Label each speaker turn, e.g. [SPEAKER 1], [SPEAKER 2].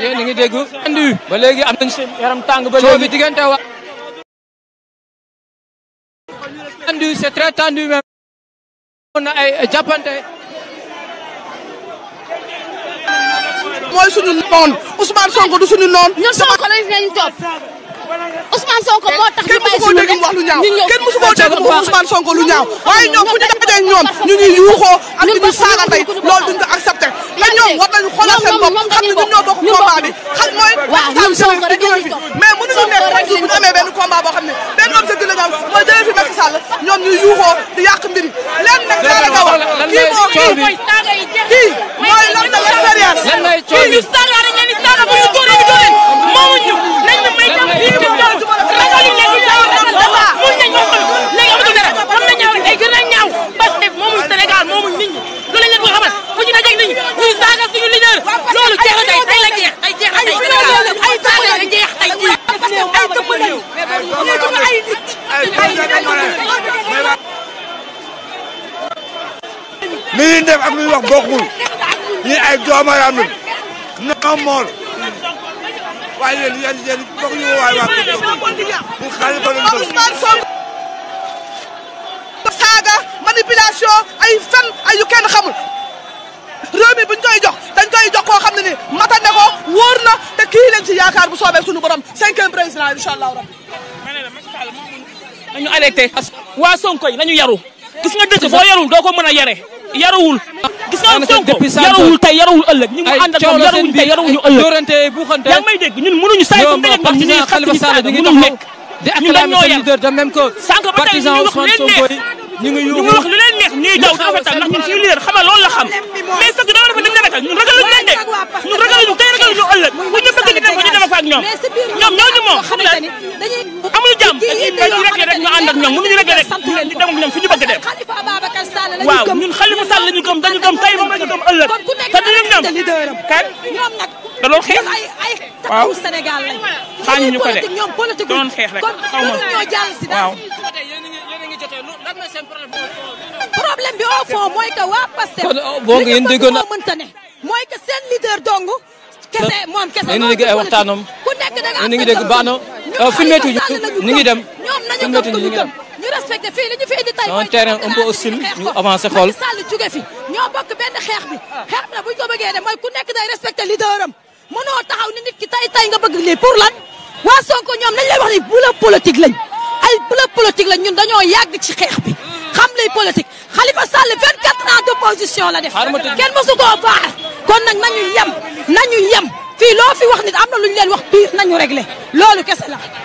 [SPEAKER 1] yéen a ngi dégg andu ba léegi am nañ seen yaram tàng ba léegi coow bi diggante wa andu c'est très tendu même
[SPEAKER 2] na ay jàppante mooy sunu noon Ousmane Sonko du sunu noon ñun Sonko lañ nañ topp Ousmane Sonko moo tax ñu bàyyi suñu kenn wax lu ñaaw kenn musu koo dégg mu Ousmane Sonko lu ñaaw waaye ñoom fu ñu dajee ñoom ñu ñuy yuuxoo ak ñu ñu saaga tey duñ ko accepté ñoom war nañu xoolal seen bopp xam ne ñun ñoo bokk combat bi xam mooy Macky Sall fi nekk rek bu ñu amee benn combat boo xam ne benn objectif la ñoom mooy jëlee fi Macky Sall ñoom ñu yuuxoo di yàq mbir yi lenn nag laa la wax kii moo kii
[SPEAKER 1] la expérience
[SPEAKER 2] li ñuy def ak lu ñuy wax bokkul ñi ay doomaraam lañ. non mool. waaye yéen yéen yéen foog ñu waay waay pour saaga manipulation ay fen ay yu kenn xamul. réew mi buñ koy jox dañ koy jox koo xam ni mata na ko wóor na te yaakaar bu soobee suñu borom cinquième président incha allah rabbi. nañu arrêté. waa Sonko yi nañu yaru. gis nga dëkk
[SPEAKER 1] boo yarul doo ko mën a yare. yarawul gis nga Sonko yarawul tey yarawul ëllëg ñu ngi ànd ak moom yarawul tey yarawul ñu ëllëg yaa ngi may dégg ñun mënuñu saa yu mbéy ak ñu ñuy xas ñu saaga mënul nekk ñu dañ ñoo yar sànq ba tey ñu ngi wax lu leen neex ñu ngi wax lu leen neex ñuy daw di rafetal ndax ñun suñu leader xamal loolu la xam mais sëgg dama dafa dañ rafetal ñun ragaluñu leen de ñun ragaluñu tey ragaluñu ëllëg bu ñu bëgg ñu def ko ñu def ko ak ñoom ñoom ñooñu moom xam nga amuñu jàmm dañuy bañ ñu régler rek ñu ànd ak ñoom mënuñu régler rek ñu dem ak ñoom fi ñu bëgg dem
[SPEAKER 3] waaw ñun xal
[SPEAKER 1] la ñu gëm dañu gëm tey moom la ñu gëm ëllëg te dinañ ñam kan da doon xeex
[SPEAKER 3] waaw xaañu ñu ko de doon xeex rek xaw ma waaw. problème bi au fond mooy que waa Pastef. Oh, boo ko yéen déggoon naa mënta ne mooy que seen leader dong. kese moom kese moom dégg ay waxtaanam. ku nekk da nga am sa uh, ngi dégg baax na. filmeetu ñu ngi dem. filmeetu ñu ngi dem. ñu respecté fii li ñu fi indi tey mooy terrain un peu hostile ñu avancé xool Macky Sall jóge fi ñoo bokk benn xeex bi xeex bi nag bu ñu ko bëggee de mooy ku nekk day respecté leaderam mënoo taxaw ni nit ki tay tay nga bëgg lii pour lan waa Sonko ñoom nañ lay wax ni bula politique lañ ay bula politique lañ ñun dañoo yàgg ci xeex bi xam lay politique Khalifa Sall 24 ans d'opposition la def kenn mosu koo vaar kon nag nañu yem
[SPEAKER 1] nañu yem fii loo fi wax nit am na lu ñu leen wax biir la